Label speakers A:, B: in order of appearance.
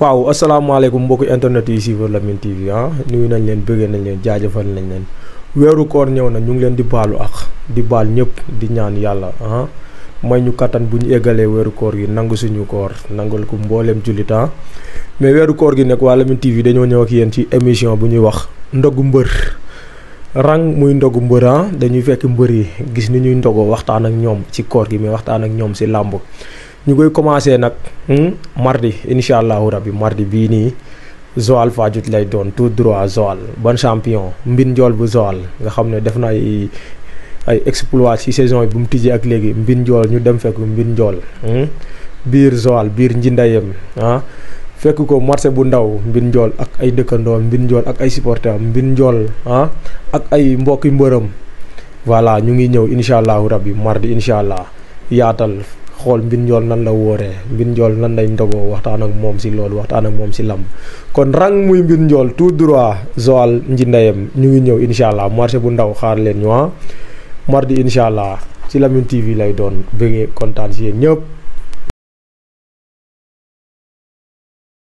A: waaw asalaamaaleykum mbokki internet yi wala min TV ah nuyu nañ leen bëggee nañ leen jaajëfal nañ leen wéru koor ñëw na ñu ngi leen di balu ak di bal ñëpp di ñaan yàlla ah may ñu katan bu ñu eggalee weeru koor gi nangu suñu koor nangul ko mbooleem jullit ah mais wéru koor gi nag wala min TV dañoo ñëw ak yéen ci émission bu ñuy wax ndogu mbër rang muy ndogu mbër ah dañuy fekk mbër yi gis ni ñuy ndogoo waxtaan ak ñoom ci koor gi mais waxtaan ak ñoom si làmb ñu koy commencé nag hmm, mardi incha allahu rabbi mardi bii nii Joal Fadiouth lay doon tout droit Joal ban champion mbin bu Joal nga xam ne def na ay ay exploit ci saison yi bu mu tijjee ak léegi mbin ñu dem fekk mbin njool hmm, biir Joal biir njindayem ah fekk ko marché bu ndaw mbin ak ay dëkkandoo mbin njool ak ay supporter mbin njool ah ak ay mbokki mbërëm voilà ñu ngi ñëw incha allahu rabbi mardi incha allah yaatal xool mbin njool nan la wooree mbin njool nan lay ndogoo waxtaan ak moom si loolu waxtaan ak moom si lam kon rang muy mbin njool tout droit Joal ndeyam ñu ngi ñëw incha allah marché bu ndaw xaar leen ñu ah mardi incha allah ci
B: Lamyn TV lay doon bëggee kontaan si yéen ñëpp.